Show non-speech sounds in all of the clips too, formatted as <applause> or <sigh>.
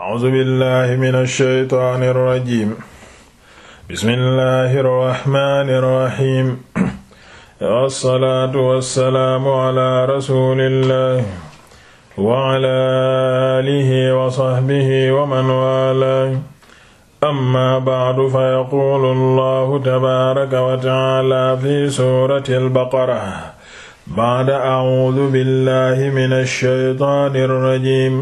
a'uuzu billahi mina shaytaani rajiim bismillahi rahmaani rahiim wassalaatu wassalaamu ala rasuulillahi wa ala aalihi wa sahbihi wa man waalaahu amma ba'du fa yaquulu allahu tabaaraka wa ta'aala fi suuratil baqara ba'da a'uuzu billahi mina shaytaani rajiim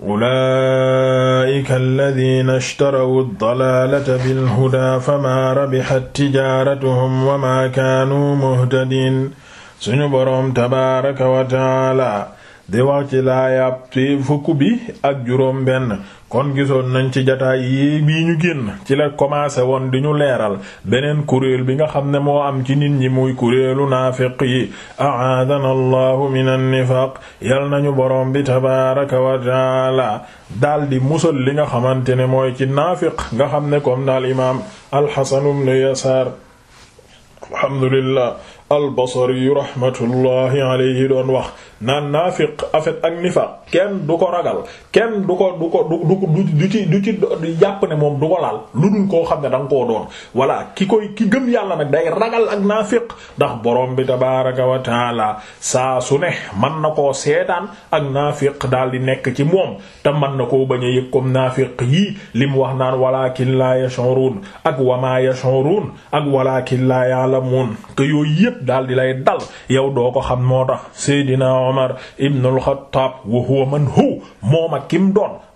ulaa'ika alladhiina ishtarawu ad-dalaalata bil-hudaa famaa rabihat tijaaratuhum wa maa kaanuu muhtadiin suñu boroom tabaaraka wa ta'aala di wax ci laayaab ci fukk bi ak juróom benn kon gisoon nañ ci jataay yi bii ñu génn ci la commencé woon di ñu leeral beneen kuréel bi nga xam ne moo am ci nit ñi muy kuréelu naafiq yi ahaadana allahu min annifaq yal nañu borom bi tabaraka wa taala daal di musal li nga xamante ne mooy ci naafiq nga xam ne comme na al imaam alxasanu bnu yasaar alhamdulillah albasari rahmatullahi alayhi doon wax naan naafiq en fait ak nifaq kenn du ko ragal kenn du ko du ko du du ci du ci jàpp ne moom du ko laal lu dul koo xam ne da nga koo doon voilà ki koy ki gëm yàlla nag day ragal ak naafiq ndax borom bi tabaaraka wa taala saa su ne mën na koo seetaan ak naafiq daal di nekk ci moom te mën na koo bañ a yëg comme naafiq li mu wax naan walaakin laa ak wamaa yashurun ak di lay dal yow doo ko xam moo tax seydina Umar ibn al-Khattab wa huwa man hu moom ak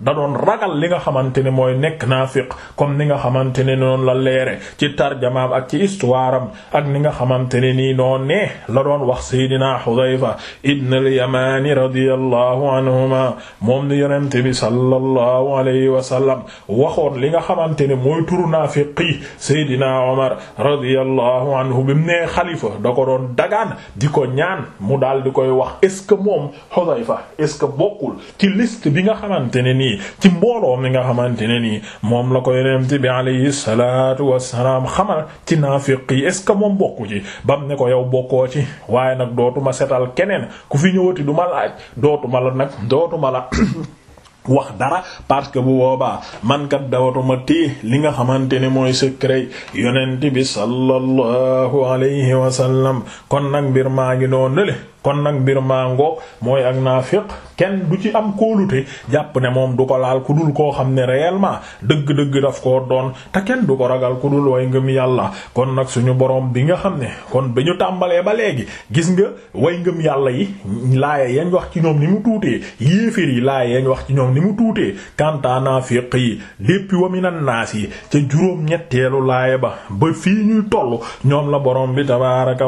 da doon ragal li nga xamante ne mooy nekk naafiq kom ni nga xamante ne noonu la leere ci tarjamaam ak ci histoire am ak ni nga xamante ne nii noon ne la doon wax Seydina Hudayfa ibn al-Yamani radiyallahu anhuma moom ni yonent bi sallallahu alayhi wa sallam waxoon li nga xamante ne mooy turu naafiqi Seydina Umar radiyallahu anhu bi mu nee xalifa da ko doon dagaan di ko ñaan mu daal di koy wax est moom Hudayfa est-ce que bokkul ci liste bi nga xamante ne nii ci mbooloom li nga xamante ne nii moom la ko yonent bi alayhi salaatu wassalaam xamal ci naafiq yi ce que moom bokku ci bam ne ko yow bokkoo ci waaye nag dootuma setal keneen ku fi ñëwati duma laaj dootuma la nag dootuma la <coughs> wax dara parce que bu woobaa man kat dawatuma téye li nga xamante ne mooy secret yonent bi sallallahu alayhi wa kon nag mbir maa ngi noonu kon nag mbir mango mooy ak naafiq kenn du ci am kóolute jàpp ne moom du ko laal ku dul koo xam ne réellement dëgg-dëgg daf koo doon te kenn du ko ragal ku dul way ngëm yàlla kon nag suñu boroom bi nga xam ne kon ba ñu tàmbalee ba léegi gis nga way ngëm yàlla yi laaya yañ wax ci ñoom ni mu tuutee yéefér yi laaya yañ wax ci ñoom ni mu tuutee kanta naafiq yi lépp wa minan naas yi ca juróom ñetteelu laaya ba ba fii ñuy toll ñoom la borom bi tabaaraka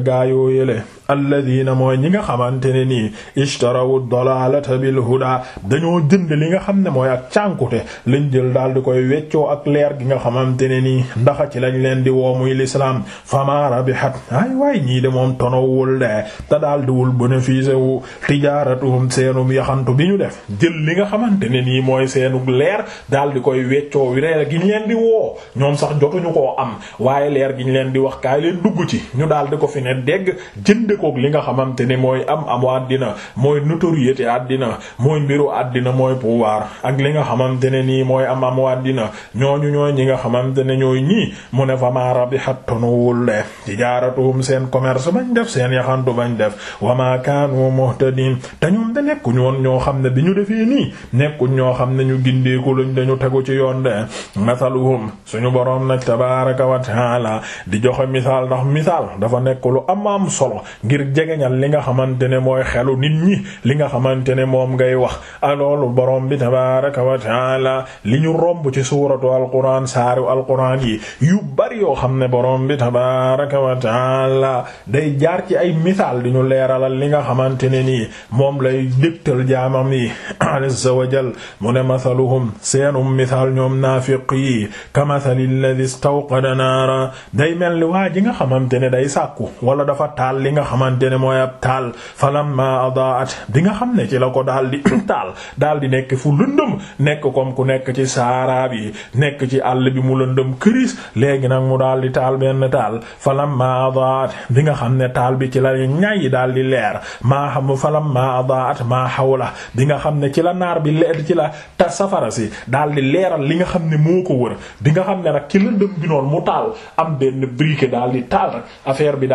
ca gaayoo yele alladina mooy ñi nga xamante ne nii ishtarawu dalalata bil huda dañoo jënd li nga xam ne mooy ak cànkute lañ jël daal di koy weccoo ak leer gi nga xamante ne nii ndaxa ci lañ leen di woo muy l'islam fama rabihat ay waay ñii de moom tonowul de te daal diwul bénéfice wu tijaaratuhum seenum yaxantu bi ñu def jël li nga xamante ne nii mooy seenug leer daal di koy weccoo leer gi ñu leen di woo ñoom sax jotuñu koo am waaye leer gi ñu leen di wax leen dugg ci ñu daal ko fi ne dégg jënd kook li nga xamante ne mooy am amu àddina mooy notoriété àddina mooy mbiru àddina mooy pouvoir ak li nga xamante ne nii mooy am amu àddina ñooñu ñooy ñi nga xamante ne ñooy ñii mu ne maara bi rabihat tunuwul de tijaaratuhum seen commerce bañ def seen yaxantu bañ def wama kaanu muhtadin te ñoom de nekkuñ woon ñoo xam ne bi ñu defee nii nekkuñ ñoo xam ne ñu gindeeku luñ dañu tegu ci yoon de masaluhum suñu boroom nag tabaaraka wa taala di joxe misaal ndax misaal dafa nekk lu solo ngir jegeñal li nga xamante ne mooy xelu nit ñi li nga xamante ne moom ngay wax aloolu ah, borom bi tabaaraka wa taala li ñu romb ci suuratu alquran saaru alquran yi yu bari yoo xam ne borom bi tabaaraka wa taala day jaar ci ay misaal di ñu leeralal li nga xamante ne ni moom lay dégtal jaamam yi <coughs> azza wa jal mu ne masaluhum seenum misaal ñoom naafiq yi kamathali alladhi istawqada nga xamante ne day sàkku wala dafa taal li nga xam xamante ne mooy ab taal falamma adaat bi nga xam ne ci la ko daal di <clears throat> taal daal di nekk fu lëndëm nekk comme ku nekk ci saara bi nekk ci àll bi mu lëndëm këris léegi nag mu daal di taal benn taal falamma adaat bi nga xam ne taal bi ci la ñay daal di leer maa xam falamma adaat ma xawla bi nga xam ne ci la naar bi leer ci la safara si daldi leeral li nga xam ne moo ko wër bi nga xam ne nag ci lëndëm bi noonu mu taal am benn briquet daal taal affaire bi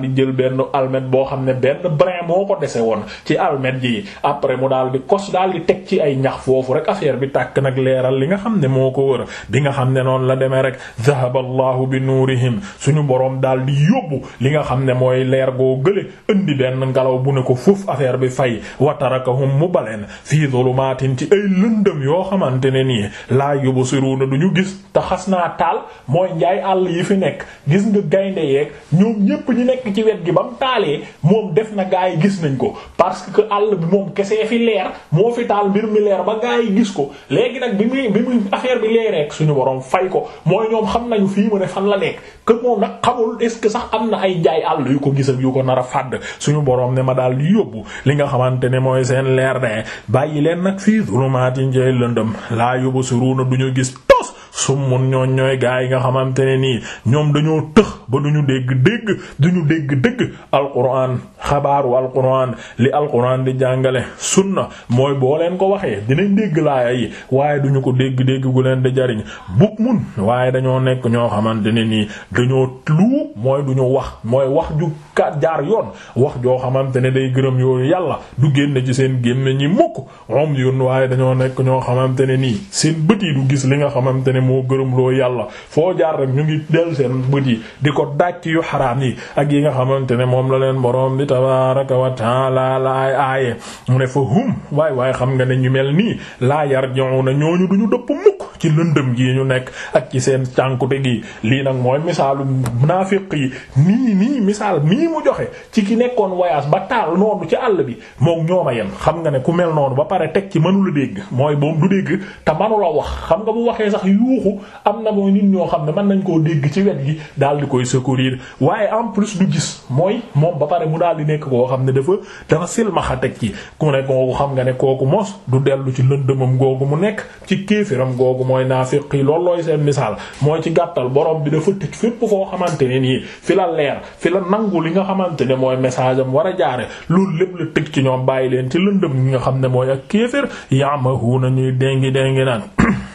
daal di jël benn almet boo xam ne benn brin moo ko dese woon ci almet ji après mu daal di kos daal di teg ci ay ñax foofu rek affaire bi tàkk nag leeral li nga xam ne moo ko wër bi nga xam ne noonu la deme rek dhahaba allahu bi nuurihim suñu boroom daal di yóbbu li nga xam ne mooy leer boo gële indi benn ngelaw bu ne ko foof affaire bi fay wa tarakahum mu baleen fii dhulumatin ci ay lëndëm yoo xamante ne nii laa na duñu gis te xas naa taal mooy njaay àll yi fi nekk ci wet gi ba mu taalee moom def na gaa yi gis nañ ko parce que àll bi moom kesee fi leer moo fi taal mbir mi leer ba gaa gis ko léegi nag bi muy bi bi leeree suñu borom fay ko mooy ñoom xam nañu fii mu ne fan la nekk que moom nag xamul est ce que sax am na ay jaay àll yu ko gis ak yu ko nar a fàdd suñu borom ne ma daal di yóbbu li nga xamante ne mooy seen leer de bàyyi leen nag fii zulumaatin jay lëndëm laa yóbbu suruna duñu gis summun ñooñ ñooy gaa yi nga xamante ne nii ñoom dañoo tëx ba duñu dégg dégg duñu dégg dëgg alquran xabaaru alquran li alquran di jàngale na mooy boo leen ko waxee dinañ dégg laaya yi waaye duñu ko dégg dégg gu leen di jariñ bug mun waaye dañoo nekk ñoo xamante ne nii dañoo lu mooy duñu wax mooy wax ju sikkaat jaar yoon wax joo xamante ne day gërëm yooyu yàlla du génn ci seen génne ñi mukk om yoon waaye dañoo nekk ñoo xamante ne nii seen bët yi du gis li nga xamante ne moo gërëm loo yàlla foo jaar rek ñu ngi del seen bët yi di ko dàcc yu xaraam yi ak yi nga xamante ne moom la leen borom bi tabaaraka wa la la aaye mu ne fa hum waay waay xam nga ne ñu mel nii laa yarji'una ñooñu duñu dëpp mukk ci lëndëm gi ñu nekk ak ci seen cànkute gi lii nag mooy misaalu munaafiq yi nii nii misaal mii mu joxe ci ki nekkoon voyage ba taal noonu ci àll bi moom ñoom a yem xam nga ne ku mel noonu ba pare teg ci mënula dégg mooy boobu du dégg te manula wax xam nga bu waxee sax yuuxu am na mooy nit ñoo xam ne mën nañ koo dégg ci wet gi daal di koy secourir waaye en plus du gis mooy moom ba pare mu daal di nekk koo xam ne dafa dafa silmaxa teg ci ku ne xam nga ne kooku mos du dellu ci lëndëmam googu mu nekk ci kéefiram googu mooy naafiq yi loolu looy seen misaal mooy ci gàttal borom bi dafa tëj fépp foo xamante ne nii fi la leer fi la nangu li nga xamante ne mooy message am war a jaare lool lépp la tëj ci ñoom bàyyi leen ci lëndëm gi nga xam ne mooy ak kéefër yaamahuuna ñuy dengi dengi naan <coughs>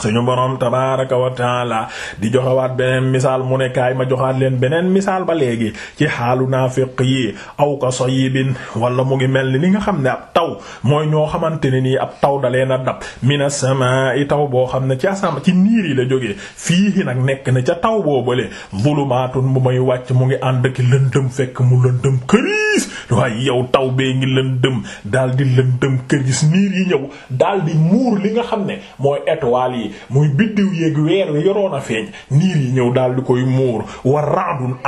suñu boroom tabaaraka wa taala di joxewaat beneen misaal mu nekkaay ma joxaat leen beneen misaal ba léegi ci xaalu naa naafiq yi aw ka sayibin wala mu ngi mel ni li nga xam ne ab taw mooy ñoo xamante ne nii ab taw da leen a dab mina samaa'i taw boo xam ne ci asama ci niir yi la jóge fii nag nekk na ca taw boobale zulumaatun bu may wàcc mu ngi ànd ki lëndëm fekk mu lëndëm këri waaye yow taw bee ngi lëndëm daal di dëm kër gis niir yi ñëw daal di muur li nga xam ne mooy étoile yi muy biddiw yeeg weer wi yoroon a feeñ niir yi ñëw daal di koy muur wa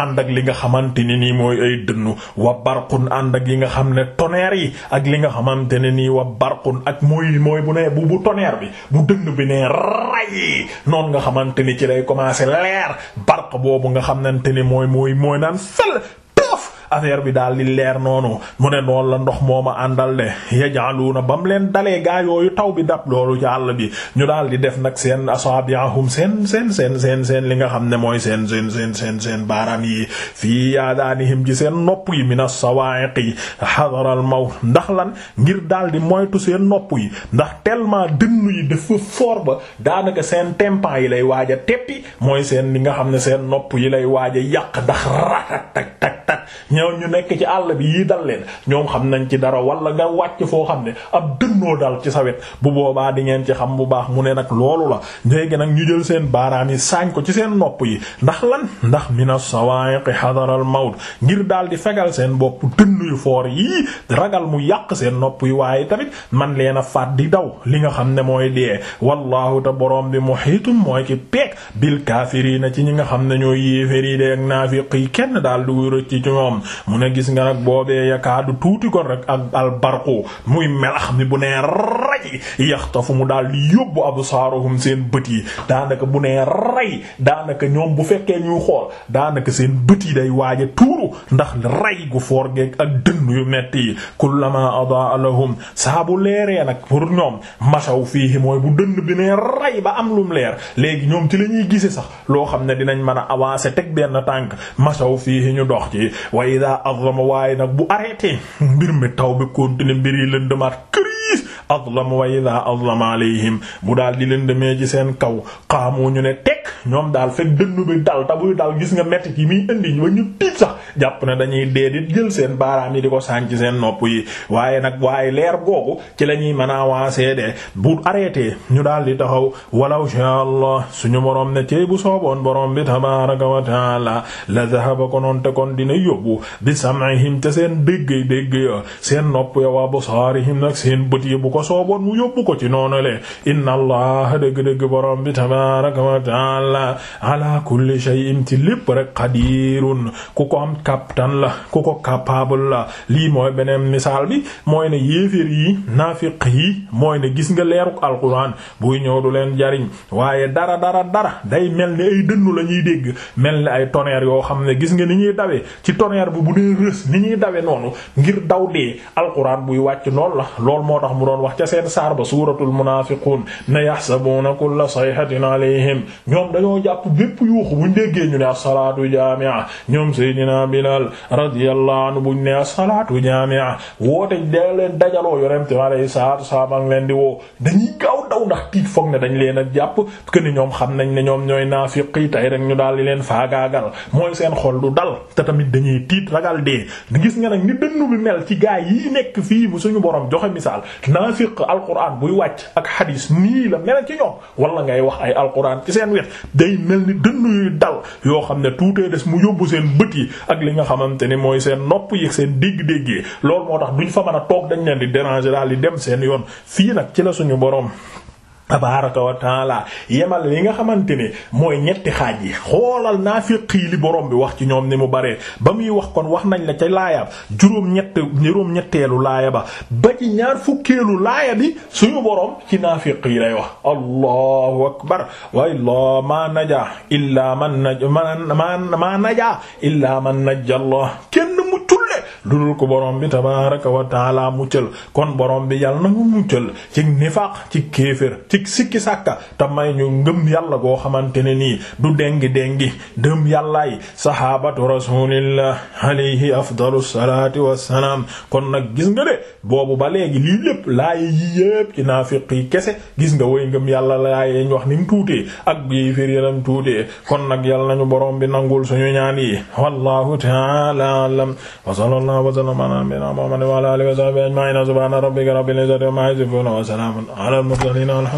ànd ak li nga xamante ne nii mooy ay dënnu wa barqun ànd ak yi nga xam ne tonnerre yi ak li nga xamante ne nii wa barqun ak mooy mooy bu nee bu bu tonnerre bi bu dënn bi nee ray noonu nga xamante ni ci lay commencer leer barq boobu nga xam xamante ni mooy mooy mooy naan fel affaire bi daal di leer noonu mu ne noonu la ndox moo ma àndal de yajaluuna ba mu leen dalee gaa yooyu taw bi dab loolu ci àll bi ñu daal di def nag seen asabiahum seen seen seen seen seen li nga xam ne mooy seen seen seen seen seen baaraam yi fii yaadaanihim ci seen nopp yi mina sawaa'iq yi hadaral mawt ndax lan ngir daal di moytu seen nopp yi ndax tellement dënn yi dafa ba daanaka seen tympan yi lay waaj a teppi mooy seen li yi a yàq ndax ratak tak tak tak ñoom ñu nekk ci àll bi yii dal leen ñoom xam nañ ci dara wala nga wàcc foo xam ne ab dënnoo dal ci sa bu boobaa di ngeen ci xam bu baax mu ne nag loolu la léegi nag ñu jël seen baaraam yi saañ ko ci seen nopp yi ndax lan ndax mina sawa'iq hadara al maut ngir daal di fegal seen bopp dënn yu foor yii ragal mu yàq seen nopp yi waaye tamit man leen a faat di daw li nga xam ne mooy dee wallahu te borom bi muhiitum mooy ki peek bil kaafiriina ci ñi nga xam ne ñooy yéeféri de ak naafiq yi kenn daal du rëcc ci ñoom mu ne gis nga nag boobee yakaadu tuuti kon rek ak albarqu muy melax mi bu nee ray fu mu daal di yóbbu absaaruhum seen bët yi daanaka bu nee ray daanaka ñoom bu fekkee ñuy xool daanaka seen bët yi day waaja tuuru ndax ray gu foor geeg ak dënn yu metti yi kullama adaa lahum saa bu leeree nag pour ñoom masaw fii mooy bu dënn bi nee ray ba am lum leer léegi ñoom ci la ñuy gise sax loo xam ne dinañ mën a avancer teg benn tànk masaw fiihi ñu dox ci way ida azlama waaye nag bu arrêté mbir mi taw bi continuer mbir yi leen demaat crise azlama wa ida azlama alayhim mu daal di leen demee ci seen kaw xaamoo ñu ne tekk ñoom daal fekk dënn bi dal ta dal gis nga metti yi muy indi ñu tiit sax jàpp ne dañuy déedéet jël seen baaraam yi di ko sànc seen nopp yi waaye nag waaye leer googu ci la ñuy mën a avancer bu arrêté ñu daal di taxaw walaw sha Allah suñu borom ne cey bu sooboon borom bi tabaaraka wa la la zahaba konoon te kon dina yóbbu bi sam'ihim te seen dégg dégg ya seen nopp ya wa basaarihim nag seen bët bu ko sooboon mu yóbbu ko ci noonu le inna allah dëgg-dëgg borom bi tabaaraka wa taala ala kulli shay'in ci lépp rek qadirun ku kaptan la ku ko capable la lii mooy beneen misaal bi mooy ne yéeféer yi naafiq yi mooy ne gis nga leeruk alquran buy ñëw du leen jariñ waaye dara dara dara day mel ni ay dënnu la ñuy dégg mel ni ay tonnerre yoo xam ne gis nga ni ñuy dawee ci tonnerre bu bu dee rës ni ñuy dawe noonu ngir daw dee alquran buy wàcc noonu la loolu moo tax mu doon wax ca seen saar ba suuratul munaafiquun ne yahsabuuna kulla sayhatin alayhim ñoom dañoo jàpp bépp yuuxu buñ déggee ñu ne as-salaatu jaami'a ñoom sayidina Bilal bu anhu buñ ne salaatu jaami'a woote da leen dajaloo yonent mi alayhi salaatu salaam ak leen di woo dañuy gaaw daw ndax tiit foog ne dañ leen a jàpp que ñoom xam nañ ne ñoom ñooy naafiqi tay rek ñu daal di leen faagaagal mooy seen xol du dal te tamit dañuy tiit ragal dee gis nga nag ni dënnu bi mel ci gaa yi nekk fii bu suñu borom joxe misaal naafiq alquran buy wàcc ak xadiis nii la mel ci ñoom wala ngay wax ay alquran ci seen wet day mel ni dënnu yuy dal yoo xam ne tuutee des mu yóbbu seen bët yi li nga xamante ni mooy seen nopp yi seen dégg-dégg yi loolu moo tax duñ fa mën a toog dañ leen di déranger daal di dem seen yoon fii nag ci la suñu boroom tabaraka wa yemal li nga xamante ne mooy ñetti xaaj yi xoolal naafiq yi li borom bi wax ci ñoom ni mu baree ba muy wax kon wax nañ la ca laayam juróom-ñett juróom-ñetteelu laaya ba ba ci ñaar fukkeelu laaya bi suñu borom ci naafiq yi lay wax allahu akbar way la maa naja illaa man naj maa illaa man najja allah kenn mucculle lu dul ko borom bi tabaraka wa taala muccal kon borom bi yàlla na mu muccal ci nifaq ci kéefër ci sikki sàkka te may ñu ngëm yàlla goo xamante ne nii du dengi dengi dëm yàllaay sahabatu rasulillah alayhi afdalu salati wassalaam kon nag gis nga de boobu ba léegi lii lépp laaye yi yépp ci naafiq yi kese gis nga woy ngëm yàlla laaye ñu wax ni mu tuutee ak yi fir yaram tuutee kon nag yàlla nañu borom bi nangul suñu ñaan yi wallahu ta'ala a'lam wa sallallahu wa sallama ala nabiyyina muhammadin wa ala alihi wa sahbihi ajma'in subhana rabbika rabbil izzati amma yasifun wa salamun ala al mursalin